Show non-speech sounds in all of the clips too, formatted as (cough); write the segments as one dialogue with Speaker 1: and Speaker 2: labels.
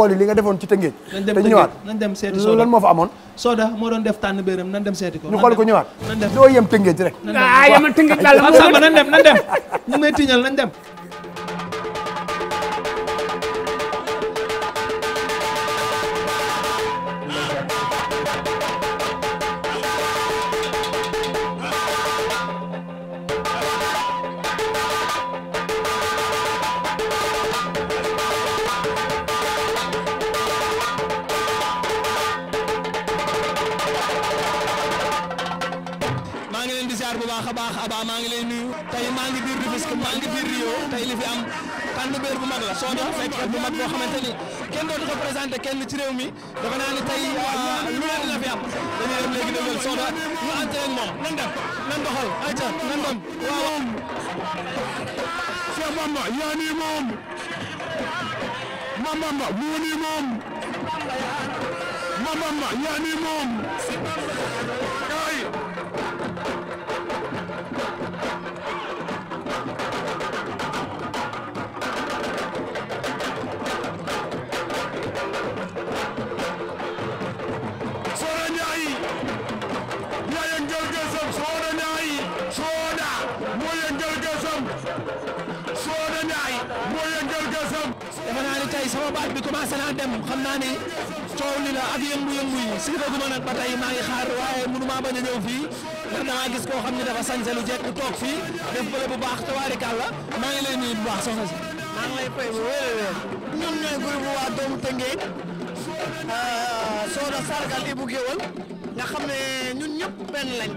Speaker 1: xooli li nga defoon ci Tëngéej te ñëwaat nañ dem lan moo amoon Soda moo doon def tànn béeram nañ dem seeti ko ñu xool ko ñëwaat doo yem Tëngéej rek ah yemal Tëngéej daal nañ dem nañ dem ñu may dem ziar bu baax a baax Aba maa ngi lay nuyu tey maa ngi biir Rufisque maa ngi biir Rio tey li fi am tànn béer bu mag la soo doon fekk bu mag boo xamante ni kenn dootu ko présenté kenn ci réew mi dafa naa ni tey ah, lu leen la fi am dañuy dem léegi dëggal soo doon ñu ànd leen moom nan dem nan doxal ayca nan dem waaw Cheikh Bamba yaa nii moom Mame Bamba moo nii moom Mame Bamba yaa nii moom Soda Ndiaye moo yëngal gësam defe naa ni tey sama baat bi commencé naa dem xam naa ni coow li la ak yëngu-yëngu yi si ko guma nag ba xaar waaye mënu maa bañ a ñëw fii ndax damaa gis koo xam ne dafa sañse lu jekk toog fii def bu baax tabaarikàlla maa ngi lay nuyu bu baax soxna si. maa lay fay bu wér a wér ñun ñooy groupe waa doomu Tëngéej nga xam ñun ñëpp benn lañ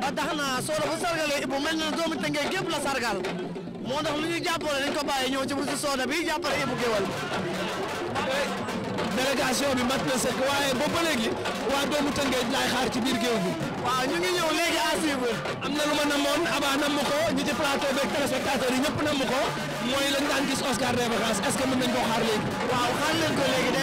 Speaker 1: ba tax na soo dafa sargalee Ibou mel na doomu Tëngéej gépp la sargal moo tax lu ñuy jàppale dañ ko bàyyi ñëw ci bisu sooda bi jàppale Ibou Géwal délégation bi mat na sëkk waaye ba ba léegi waa doomu Tëngéej laay xaar ci biir géew bi waaw ñu ngi ñëw léegi à suivre am na lu ma namoon Aba namm ko ñi ci plateau beeg téléspectateurs yi ñëpp namm mooy lañ daan gis Oscar des vacances est que mën nañ xaar léegi waaw xaar leen ko léegi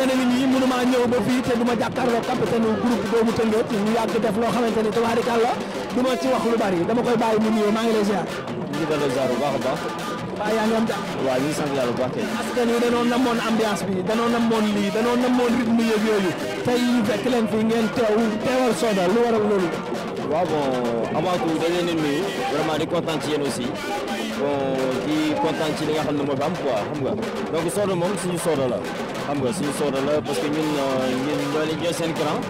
Speaker 1: fan a ngi nii ma jàkkaarloo capitaine loo xamante ni tabaarikàlla du ma ci wax lu dama koy bàyyi mu nuyoo maa ngi lay ziar.
Speaker 2: ñu ngi delloo baax a baax.
Speaker 1: waaw yaa ngi am jàmm.
Speaker 2: waaw ñu ngi sant yàlla
Speaker 1: namoon ambiance bi danoo namoon lii danoo namoon rythme yeeg yooyu tey fekk leen fi ngeen teew
Speaker 2: teewal Soda lu waral loolu. waaw bon avant tout dañ leen di nuyu vraiment di kontaan ci yéen aussi bon di kontaan ci li nga xam ne moo fi am quoi xam nga donc Soda moom suñu Soda la xam nga suñu sóora la parce que ñun euh, ñun ñoo leen seen grand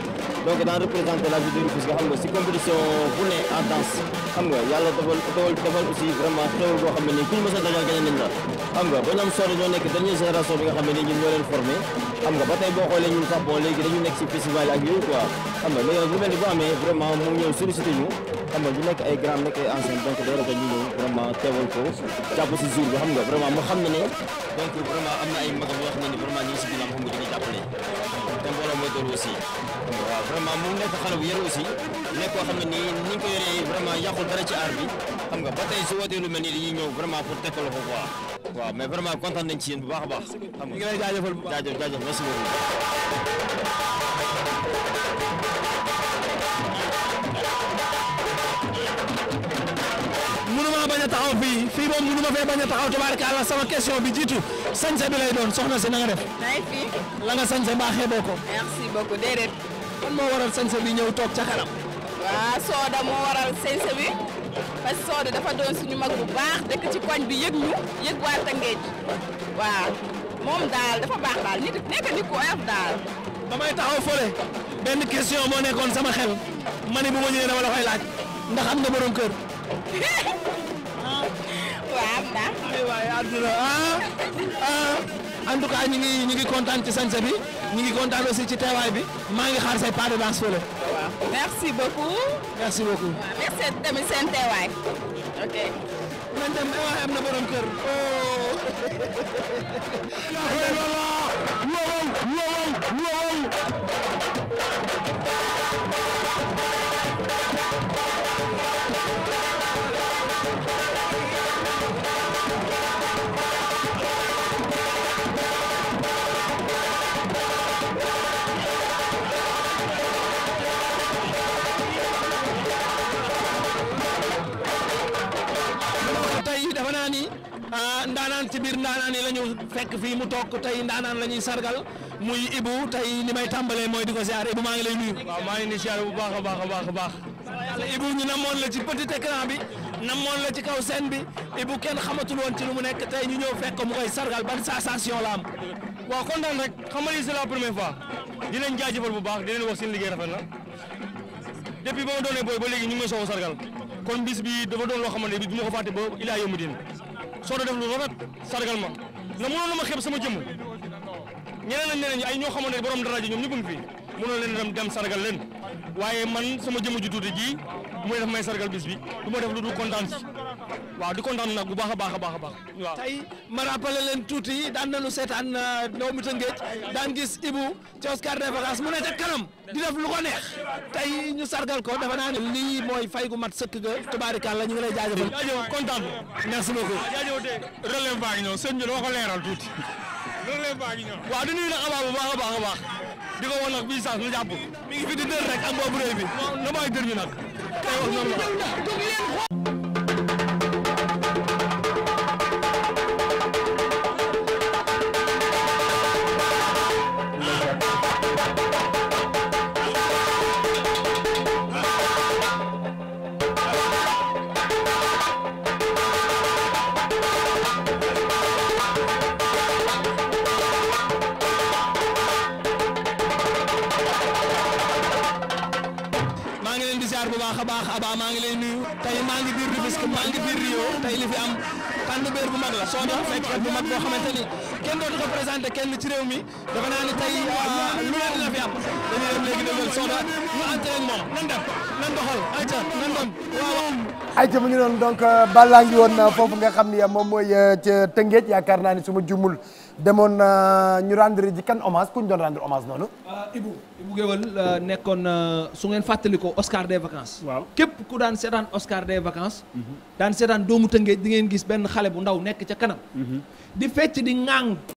Speaker 2: donc daan représenté la vie de Rufisque nga xam nga si compétition bu ne en danse xam nga yàlla defal aussi vraiment xéwal boo xam ne nii ku ñu mës a dajal gën nañ la xam nga ba ñoom sóora ñoo nekk dernière génération bi nga xam ne nii ñun ñoo leen formé xam nga ba tey boo xoolee ñun Japon léegi dañu nekk si festival ak yooyu quoi xam nga léegi nag lu mel ni bu amee vraiment mu ñëw sollicité ñu xam nga ñu nekk ay grand nekk ay ancien donc day rafet ñu ñëw vraiment teewal ko jàpp si jour bi xam nga vraiment mu xam ne ne na ay magam yoo xam ne si ginnaaw xam nga di ko jàppale te mbooloo mooy doon aussi waaw mu nekk xale bu yar aussi nekk koo xam ne nii ni ñu ko yoree vraiment yàqul dara ci aar bi xam nga ba tey su wootee lu mel nii dañuy ñëw vraiment pour tekkal ko quoi waaw mais nañ ci yéen bu baax a baax xam nga jaajëfal jaajëf jaajëf
Speaker 1: taxaw bii fii moom mënu ma fee bañ a taxaw tabaarkalla sama question bi jiitu sañse bi lay doon soxna si na nga def. naay fii. la nga sañse baaxee boo ko. merci beaucoup déedéet. kon moo waral sañse bi ñëw toog ca kanam. waaw Soda dafa doon ñu mag bu baax dëkk ci koñ bi yëg ñu yëg waa Tëngéej waaw moom daal dafa baax daal nit nekk nit ku oyof daal. damay taxaw fële benn question moo nekkoon sama xel ma ne bu ma ñëwee dama la koy laaj ndax am nga borom kër. (laughs) waaye àdduna ah ah en ñu ngi ñu ngi kontaan ci sañse bi ñu ngi kontaan aussi ci teewaay bi maa ngi xaar say pas de danse fële. waaw merci beaucoup. merci beaucoup. merci tamit seen teewaay. ok. man tam teewaay am na borom kër. Oh. (laughs) ci biir ndaanaan yi la ñu fekk fii mu toog tey ndaanaan la ñuy sargal muy Ibou tey li may tàmbalee mooy di ko ziar Ibou maa ngi lay nuyu. waaw maa ngi ni ziar bu baax a baax a baax a baax. yàlla Ibou ñu namoon la ci petit écran bi namoon la ci kaw scène bi Ibou kenn xamatul woon ci lu mu nekk tey ñu ñëw fekk mu koy sargal ban sensation la am. waaw kontaan rek xam nga lii c'est la première fois di leen jaajëfal bu baax di leen wax seen liggéey rafet na depuis ba ma doonee booy ba léegi ñu ngi may soog a sargal kon bis bi dafa doon loo xamante ne bi du ma ko fàtte ba ilaa yawmi diin soo def lu rafet sargal ma na mënoon na ma xeeb sama jëmm ñeneen ak ñeneen ñi ay ñoo xamante ne borom daraja ñoom ñëpp ngi fi mënoon leen dem dem sargal leen waaye man sama jëmm ju tuuti ji muy def may sargal bis du ma def lu dul kontaan si waaw di kontaan nag bu baax a baax a baax a baax waaw. tey ma rappelé leen tuuti daan nañu seetaan euh, doomu Tëngéej daan gis Ibou ci Oscar de Vacances mu ne ca kanam di def lu ko neex tey ñu sargal ko dafa naa ne lii mooy fay gu mat sëkk ga tubaarikàlla ñu ngi lay jaajëfal. jaajëf kontaan merci beaucoup. jaajëf de relève baa ngi ñëw ko leeral tuuti. relève baa ngi ñëw. di nuyu nag abaa baax a baax a di ko woon nag bii sax ñu jàpp mi di dër rek ak boobu réew bi. non non nag. tey wax na baax a baax Aba maa ngi lay nuyu tey maa ngi biir Rufisque maa ngi biir Rio tey li fi am tànnbéer bu mag la kenn ci réew mi dafa naa ni tey ah, lu leen euh, woon euh, foofu nga xam ni euh, moom mooy ca Tëngéej yaakaar naa ni su ma jumul demoon ñu rendre ji kan ku ñu doon rendre hommage noonu. Ibou Ibou Guéwal nekkoon su ngeen fàttalikoo Oscar des vacances. képp ku daan seetaan Oscar des vacances. Mhm. daan seetaan doomu Tëngéej di gis benn xale bu ndaw nekk ca kanam mm-hmm. di fecc di ŋàng